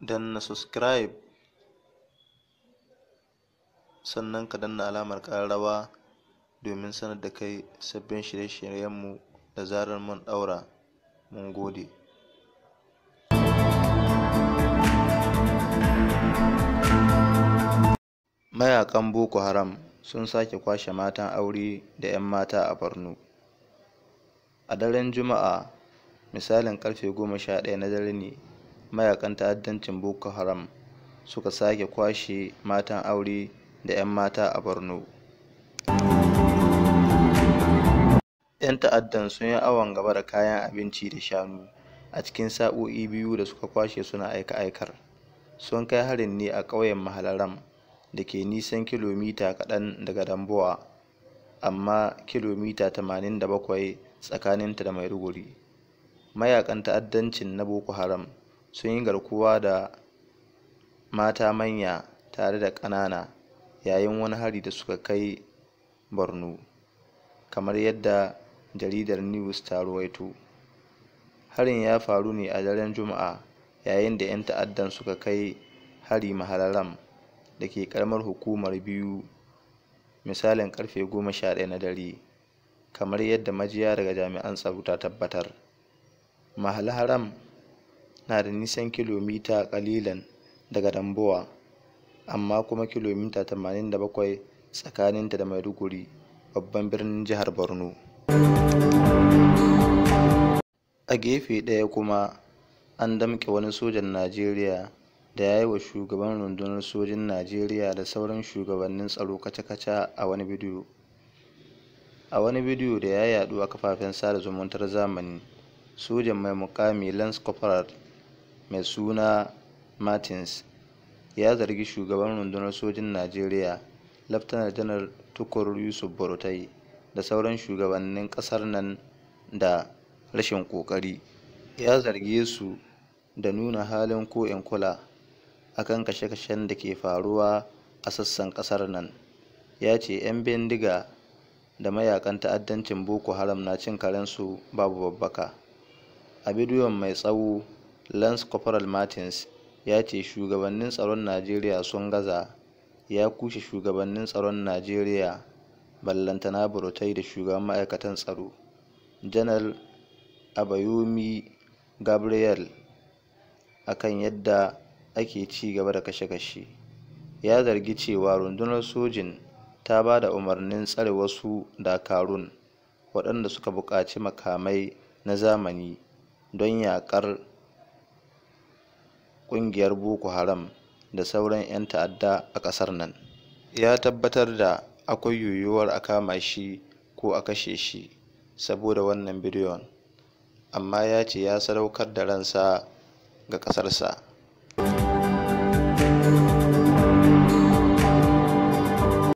danna subscribe sannan ka danna alamar rawa domin sanar da kai sabbin shirye-shiryenmu da zarar mun ɗaura mun gode mayakan boko haram sun sake kwashe matan aure da 'yan mata a borno a daren juma'a misalin karfe 11 na dare ne mayakan ta'addancin boko haram suka sake kwashe matan aure da 'yan mata a borno 'yan ta'addan sun yi awon gaba da kayan abinci da shanu a cikin sa'o'i biyu da suka kwashe suna aika-aikar sun kai harin ne a ƙauyen mahalaram da ke nisan kilomita kaɗan daga damboa amma kilomita 87 tsakaninta da mai maiduguri mayakan ta'addancin na boko haram sun yi garkuwa da mata manya tare da ƙanana yayin wani hari da suka kai borno kamar yadda jaridar news ta ruwaito harin ya faru ne a daren juma'a yayin da 'yan ta'addan suka kai hari mahalaram da ke karamar hukumar biyu misalin karfe 11 na dare kamar yadda majiya daga jami'an tsaro ta tabbatar mahalharam na da nisan kilomita kalilan daga Damboa amma kuma kilomita 87 tsakaninta da Maiduguri babban birnin jihar Borno. A gefe ɗaya kuma an damke wani sojan Najeriya da ya yi wa shugaban rundunar sojin Najeriya da sauran shugabannin tsaro kaca-kaca a wani bidiyo. A wani bidiyo da ya yaɗu a kafafen sada zumuntar zamani, sojan mai mukami Lance Corporal mai suna martins ya zargi shugaban rundunar sojin najeriya laftana janar tukur yusuf borotai da sauran shugabannin kasar nan da rashin kokari ya zargi su da nuna halin ko in kula akan kashe-kashen da ke faruwa a sassan kasar nan ya ce 'yan bindiga da mayakan ta'addancin boko haram na cin karensu babu babbaka a bidiyon mai tsawo lance corporal martins ya ce shugabannin tsaron najeriya sun gaza ya kushe shugabannin tsaron najeriya ballantana burtai da shugaban ma'aikatan tsaro janar abayomi gabriel akan yadda ake ci gaba da kashe-kashe ya zargi cewa rundunar sojin ta ba da umarnin tsare wasu dakarun waɗanda suka buƙaci makamai na zamani don yaƙar ƙungiyar boko haram da sauran 'yan ta'adda a ƙasar nan ya tabbatar da akwai yiwuwar a kama shi ko a kashe shi saboda wannan bidiyon amma ya ce ya sadaukar da ransa ga ƙasarsa